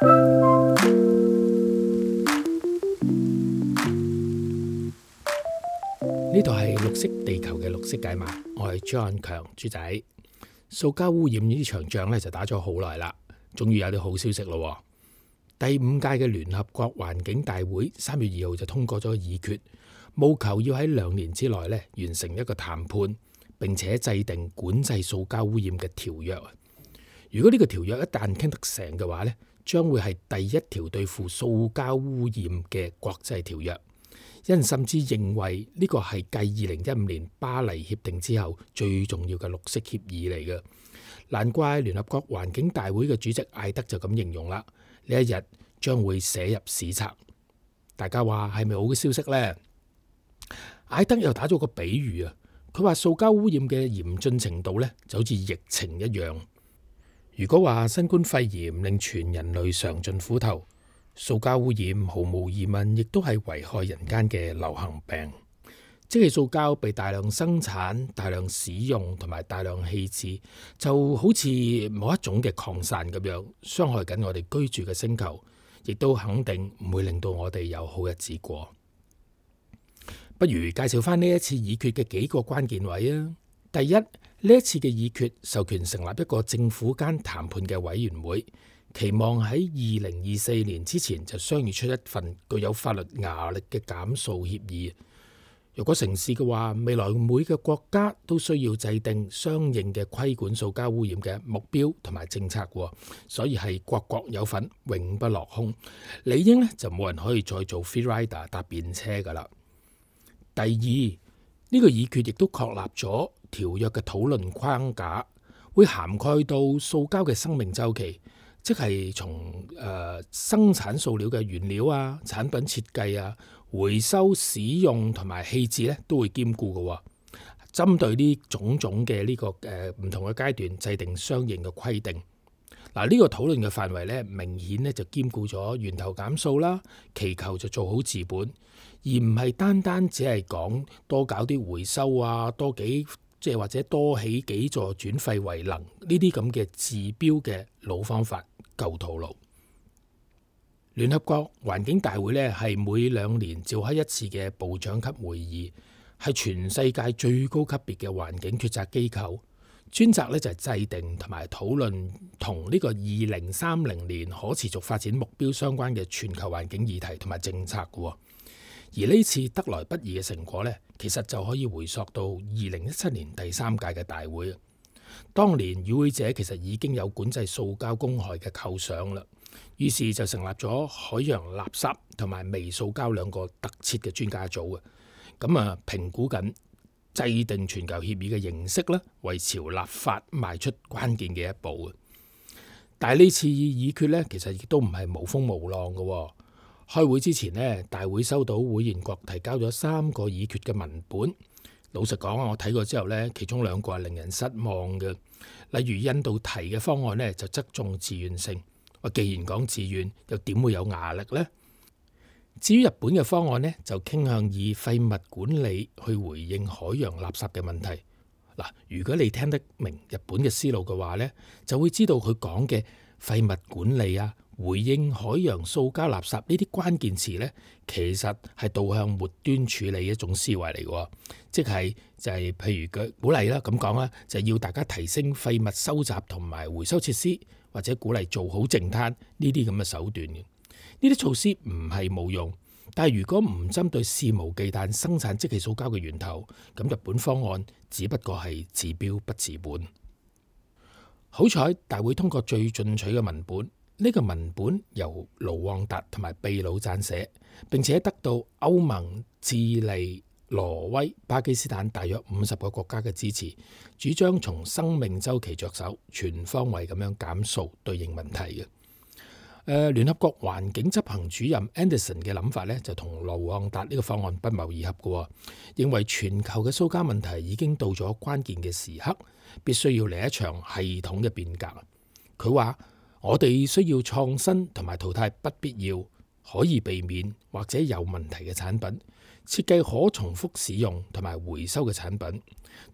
呢度係綠惜地球嘅綠色解碼。我係朱漢強豬仔。塑膠污染呢場仗呢就打咗好耐啦，終於有啲好消息咯。第五屆嘅聯合國環境大會三月二號就通過咗議決，務求要喺兩年之內呢完成一個談判，並且制定管制塑膠污染嘅條約。如果呢個條約一旦傾得成嘅話呢，將會係第一條對付塑膠污染嘅國際條約，有人甚至認為呢個係繼二零一五年巴黎協定之後最重要嘅綠色協議嚟嘅。難怪聯合國環境大會嘅主席艾德就咁形容啦，呢一日將會寫入史冊。大家話係咪好嘅消息咧？艾德又打咗個比喻啊，佢話塑膠污染嘅嚴峻程度咧，就好似疫情一樣。如果話新冠肺炎令全人類嘗盡苦頭，塑膠污染毫無疑問亦都係危害人間嘅流行病。即係塑膠被大量生產、大量使用同埋大量棄置，就好似某一種嘅擴散咁樣，傷害緊我哋居住嘅星球，亦都肯定唔會令到我哋有好日子過。不如介紹返呢一次議決嘅幾個關鍵位啊！第一，呢一次嘅議決授權成立一個政府間談判嘅委員會，期望喺二零二四年之前就商議出一份具有法律牙力嘅減塑協議。如果成事嘅話，未來每個國家都需要制定相應嘅規管塑膠污染嘅目標同埋政策，所以係國國有份，永不落空。理應呢，就冇人可以再做 free rider 搭便車噶啦。第二呢，呢個議決亦都確立咗，條約嘅討論框架會涵蓋到塑膠嘅生命周期，即係從誒生產塑料嘅原料啊、產品設計啊、回收使用同埋棄置咧，都會兼顧嘅。針對呢種種嘅呢、這個誒唔、呃、同嘅階段，制定相應嘅規定。嗱、呃，這個、討論呢個討論嘅範圍咧，明顯咧就兼顧咗源頭減塑啦，祈求就做好治本，而唔係單單只係講多搞啲回收啊，多幾。.即係或者多起幾座轉廢為能呢啲咁嘅治標嘅老方法舊套路。聯合國環境大會呢，係每兩年召開一次嘅部長級會議，係全世界最高級別嘅環境決策機構。專責呢就係制定同埋討論同呢個二零三零年可持續發展目標相關嘅全球環境議題同埋政策嘅喎。而呢次得來不易嘅成果呢，其實就可以回溯到二零一七年第三屆嘅大會，當年與會者其實已經有管制塑膠公害嘅構想啦，於是就成立咗海洋垃圾同埋微塑膠兩個特設嘅專家組啊，咁啊評估緊制定全球協議嘅形式呢，為朝立法邁出關鍵嘅一步嘅。但係呢次議決呢，其實亦都唔係無風無浪嘅。開會之前呢，大會收到會員國提交咗三個議決嘅文本。老實講啊，我睇過之後呢，其中兩個係令人失望嘅。例如印度提嘅方案呢，就側重自願性。我既然講自願，又點會有壓力呢？至於日本嘅方案呢，就傾向以廢物管理去回應海洋垃圾嘅問題。嗱，如果你聽得明日本嘅思路嘅話呢，就會知道佢講嘅廢物管理啊。回應海洋塑膠垃圾呢啲關鍵詞呢，其實係導向末端處理一種思維嚟嘅，即係就係譬如佢鼓勵啦，咁講啦，就係要大家提升廢物收集同埋回收設施，或者鼓勵做好淨灘呢啲咁嘅手段嘅。呢啲措施唔係冇用，但係如果唔針對肆無忌憚生產即棄塑膠嘅源頭，咁日本方案只不過係治標不治本。好彩大會通過最進取嘅文本。呢個文本由盧旺達同埋秘魯撰寫，並且得到歐盟、智利、挪威、巴基斯坦大約五十個國家嘅支持，主張從生命周期着手，全方位咁樣減塑對應問題嘅。誒、呃、聯合國環境執行主任 Anderson 嘅諗法咧，就同盧旺達呢個方案不謀而合嘅，認為全球嘅塑膠問題已經到咗關鍵嘅時刻，必須要嚟一場系統嘅變革。佢話。我哋需要創新同埋淘汰不必要、可以避免或者有問題嘅產品，設計可重複使用同埋回收嘅產品，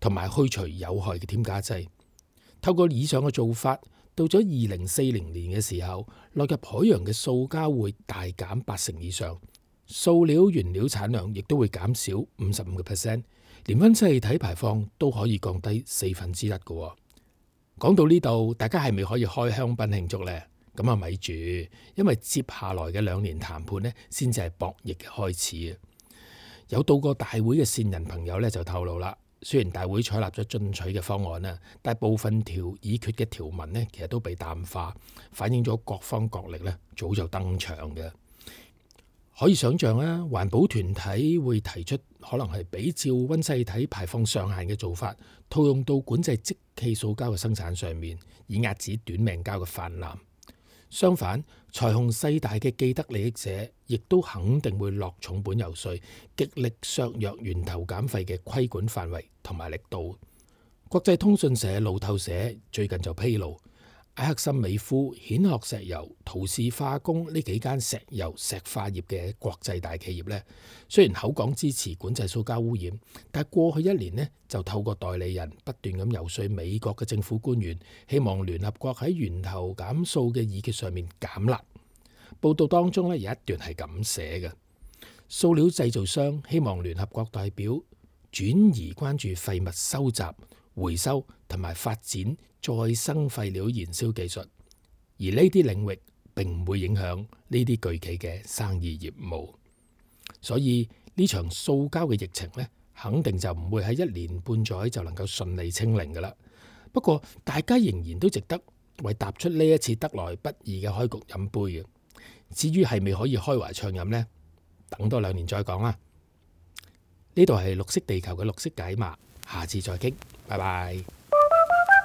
同埋去除有害嘅添加劑。透過以上嘅做法，到咗二零四零年嘅時候，落入海洋嘅塑膠會大減八成以上，塑料原料產量亦都會減少五十五個 percent，連温室氣體排放都可以降低四分之一嘅。講到呢度，大家係咪可以開香檳慶祝呢？咁啊咪住，因為接下來嘅兩年談判呢，先至係博弈嘅開始啊！有到過大會嘅線人朋友呢，就透露啦，雖然大會採納咗進取嘅方案啦，但部分條已決嘅條文呢，其實都被淡化，反映咗各方角力呢，早就登場嘅。可以想象啦，環保團體會提出可能係比照溫室氣體排放上限嘅做法，套用到管制即棄塑膠嘅生產上面，以壓止短命膠嘅泛濫。相反，財雄勢大嘅既得利益者，亦都肯定會落重本遊說，極力削弱源頭減廢嘅規管範圍同埋力度。國際通訊社路透社最近就披露。埃克森美孚、蜆殼石油、陶氏化工呢幾間石油石化業嘅國際大企業咧，雖然口講支持管制塑膠污染，但係過去一年呢，就透過代理人不斷咁遊說美國嘅政府官員，希望聯合國喺源頭減塑嘅議決上面減辣。報道當中咧，有一段係咁寫嘅：塑料製造商希望聯合國代表轉移關注廢物收集、回收同埋發展，再生廢料燃燒技術，而呢啲領域並唔會影響呢啲巨企嘅生意業務，所以呢場塑膠嘅疫情咧，肯定就唔會喺一年半載就能夠順利清零㗎喇。不過大家仍然都值得為踏出呢一次得來不易嘅開局飲杯嘅。至於係咪可以開懷暢飲咧，等多兩年再講啦。呢度係綠惜地球嘅綠色解碼，下次再傾，拜拜。